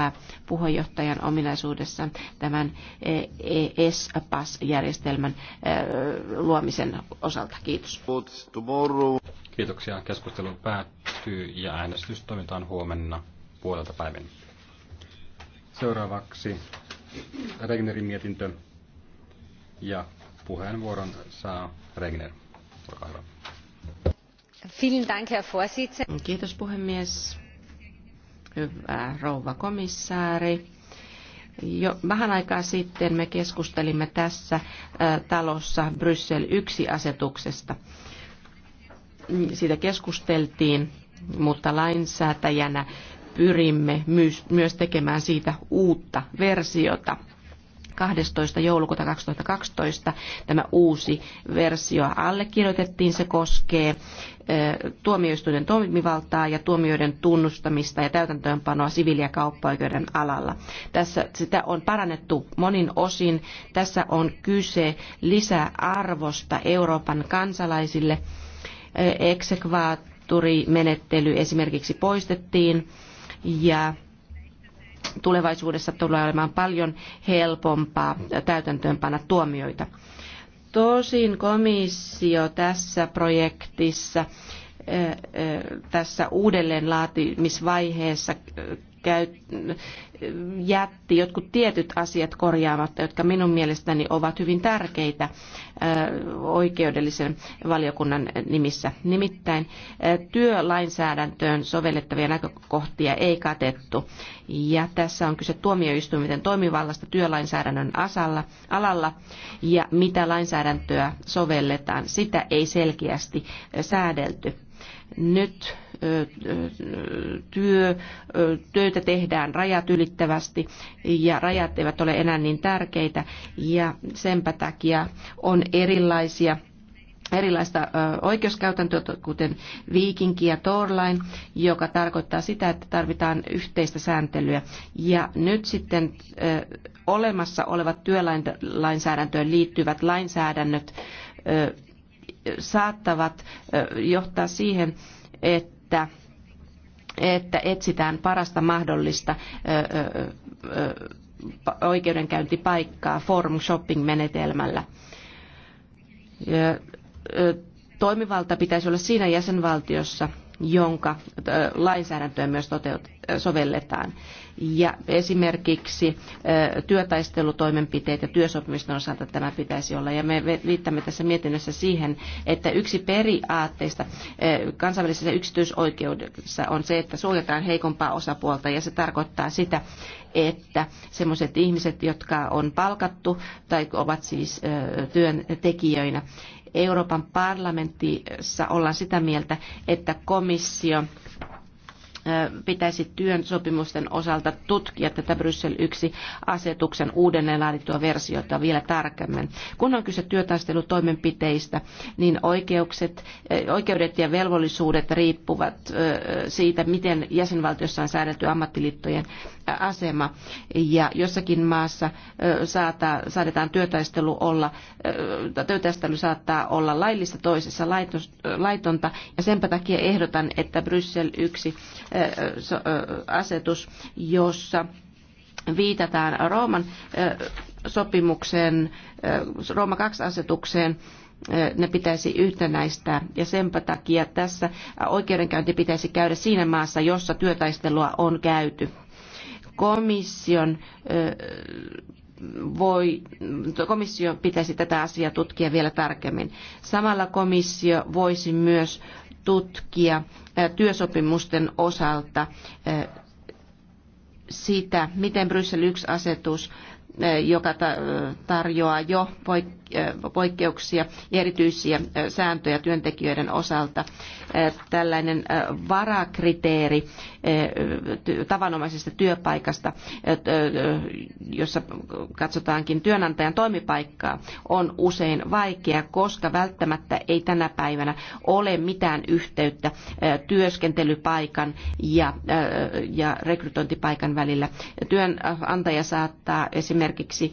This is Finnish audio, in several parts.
Äh, puheenjohtajan ominaisuudessa tämän ES-PAS-järjestelmän eh, eh, äh, luomisen osalta. Kiitos. Kiitoksia. Keskustelu päättyy ja äänestys toimitaan huomenna puolelta päivän. Seuraavaksi Regnerin mietintö ja puheenvuoron saa Regner. Olkaa hyvä. Kiitos puhemies hyvä rouva komissaari. Jo vähän aikaa sitten me keskustelimme tässä talossa Bryssel 1-asetuksesta. Siitä keskusteltiin, mutta lainsäätäjänä pyrimme myös tekemään siitä uutta versiota 12. joulukuuta 2012 tämä uusi versio allekirjoitettiin. Se koskee tuomioistuinen toimivaltaa ja tuomioiden tunnustamista ja täytäntöönpanoa siviili- ja kauppaoikeuden alalla. Tässä sitä on parannettu monin osin. Tässä on kyse lisäarvosta Euroopan kansalaisille. Eksekvaattorimenettely esimerkiksi poistettiin ja tulevaisuudessa tulee olemaan paljon helpompaa täytäntöönpanna tuomioita. Tosin komissio tässä projektissa tässä uudelleenlaatimisvaiheessa jätti jotkut tietyt asiat korjaamatta, jotka minun mielestäni ovat hyvin tärkeitä oikeudellisen valiokunnan nimissä. Nimittäin työlainsäädäntöön sovellettavia näkökohtia ei katettu. Ja tässä on kyse tuomioistuimen toimivallasta työlainsäädännön asalla, alalla ja mitä lainsäädäntöä sovelletaan, sitä ei selkeästi säädelty. Nyt työ, töitä tehdään rajat ylittävästi ja rajat eivät ole enää niin tärkeitä ja senpä takia on erilaisia erilaista oikeuskäytäntöä, kuten viikinki ja torlain, joka tarkoittaa sitä, että tarvitaan yhteistä sääntelyä. Ja nyt sitten olemassa olevat työlainsäädäntöön liittyvät lainsäädännöt saattavat johtaa siihen, että että että etsitään parasta mahdollista oikeudenkäyntipaikkaa forum shopping menetelmällä. Toimivalta pitäisi olla siinä jäsenvaltiossa, jonka lainsäädäntöä myös toteut- sovelletaan. Ja esimerkiksi työtaistelutoimenpiteet ja työsopimisten osalta tämä pitäisi olla. Ja me viittamme tässä mietinnössä siihen, että yksi periaatteista kansainvälisessä yksityisoikeudessa on se, että suojataan heikompaa osapuolta ja se tarkoittaa sitä, että sellaiset ihmiset, jotka on palkattu tai ovat siis työntekijöinä, Euroopan parlamentissa ollaan sitä mieltä, että komissio pitäisi työn sopimusten osalta tutkia tätä Bryssel 1 asetuksen uudelleen laadittua versiota vielä tarkemmin. Kun on kyse työtaistelutoimenpiteistä, niin oikeukset, eh, oikeudet ja velvollisuudet riippuvat eh, siitä, miten jäsenvaltiossa on säädelty ammattiliittojen eh, asema. Ja jossakin maassa saata, työtaistelu olla, työtaistelu saattaa olla laillista toisessa laitonta, ja senpä takia ehdotan, että Bryssel 1 asetus, jossa viitataan Rooman sopimukseen, Rooma 2-asetukseen, ne pitäisi yhtenäistää ja senpä takia tässä oikeudenkäynti pitäisi käydä siinä maassa, jossa työtaistelua on käyty. Komission voi, komissio pitäisi tätä asiaa tutkia vielä tarkemmin. Samalla komissio voisi myös tutkia työsopimusten osalta sitä, miten Bryssel 1-asetus joka tarjoaa jo poikkeuksia ja erityisiä sääntöjä työntekijöiden osalta. Tällainen varakriteeri tavanomaisesta työpaikasta, jossa katsotaankin työnantajan toimipaikkaa, on usein vaikea, koska välttämättä ei tänä päivänä ole mitään yhteyttä työskentelypaikan ja, rekrytointipaikan välillä. Työnantaja saattaa esimerkiksi esimerkiksi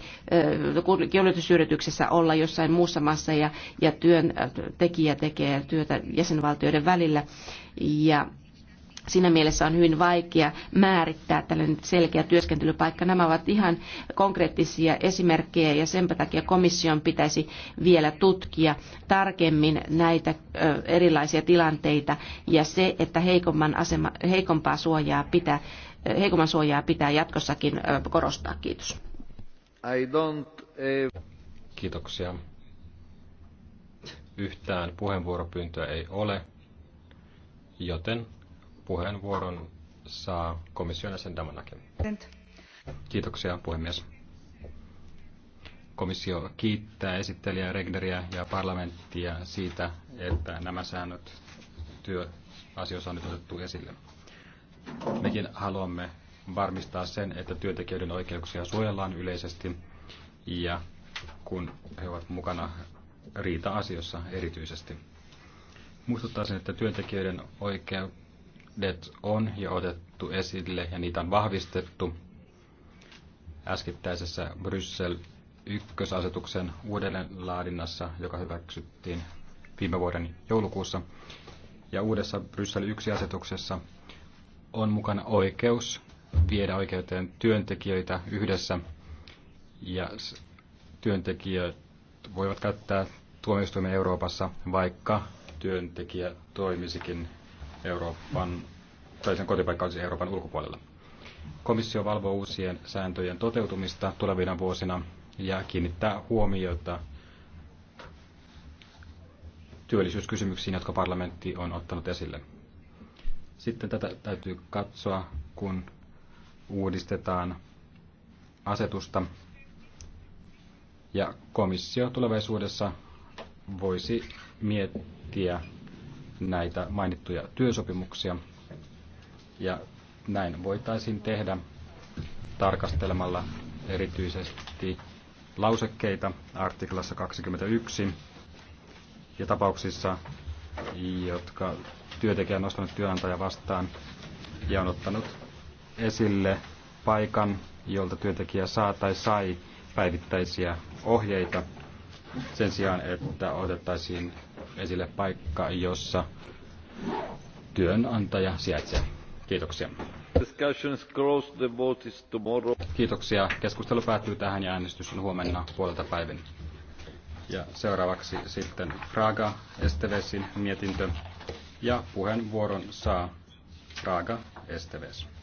kuljetusyrityksessä olla jossain muussa maassa ja, ja työntekijä tekee työtä jäsenvaltioiden välillä. Ja siinä mielessä on hyvin vaikea määrittää tällainen selkeä työskentelypaikka. Nämä ovat ihan konkreettisia esimerkkejä ja sen takia komission pitäisi vielä tutkia tarkemmin näitä erilaisia tilanteita ja se, että heikomman asema, heikompaa suojaa pitää, heikomman suojaa pitää jatkossakin korostaa. Kiitos. I don't, eh, Kiitoksia. Yhtään puheenvuoropyyntöä ei ole, joten puheenvuoron saa komission jäsen Damanakin. Kiitoksia puhemies. Komissio kiittää esittelijää Regneriä ja parlamenttia siitä, että nämä säännöt työasioissa on nyt otettu esille. Mekin haluamme varmistaa sen, että työntekijöiden oikeuksia suojellaan yleisesti ja kun he ovat mukana riita-asiossa erityisesti. Muistuttaisin, että työntekijöiden oikeudet on jo otettu esille ja niitä on vahvistettu äskettäisessä Bryssel ykkösasetuksen uudelleenlaadinnassa, joka hyväksyttiin viime vuoden joulukuussa. Ja uudessa Bryssel 1-asetuksessa on mukana oikeus viedä oikeuteen työntekijöitä yhdessä ja työntekijät voivat käyttää tuomioistuimen Euroopassa, vaikka työntekijä toimisikin Euroopan, tai sen kotipaikka olisi Euroopan ulkopuolella. Komissio valvoo uusien sääntöjen toteutumista tulevina vuosina ja kiinnittää huomiota työllisyyskysymyksiin, jotka parlamentti on ottanut esille. Sitten tätä täytyy katsoa, kun uudistetaan asetusta ja komissio tulevaisuudessa voisi miettiä näitä mainittuja työsopimuksia ja näin voitaisiin tehdä tarkastelemalla erityisesti lausekkeita artiklassa 21 ja tapauksissa, jotka työntekijä on nostanut työnantaja vastaan ja on ottanut esille paikan, jolta työntekijä saa tai sai päivittäisiä ohjeita sen sijaan, että otettaisiin esille paikka, jossa työnantaja sijaitsee. Kiitoksia. Kiitoksia. Keskustelu päättyy tähän ja äänestys on huomenna puolelta päivän. Ja seuraavaksi sitten Fraga Estevesin mietintö ja puheenvuoron saa Fraga Esteves.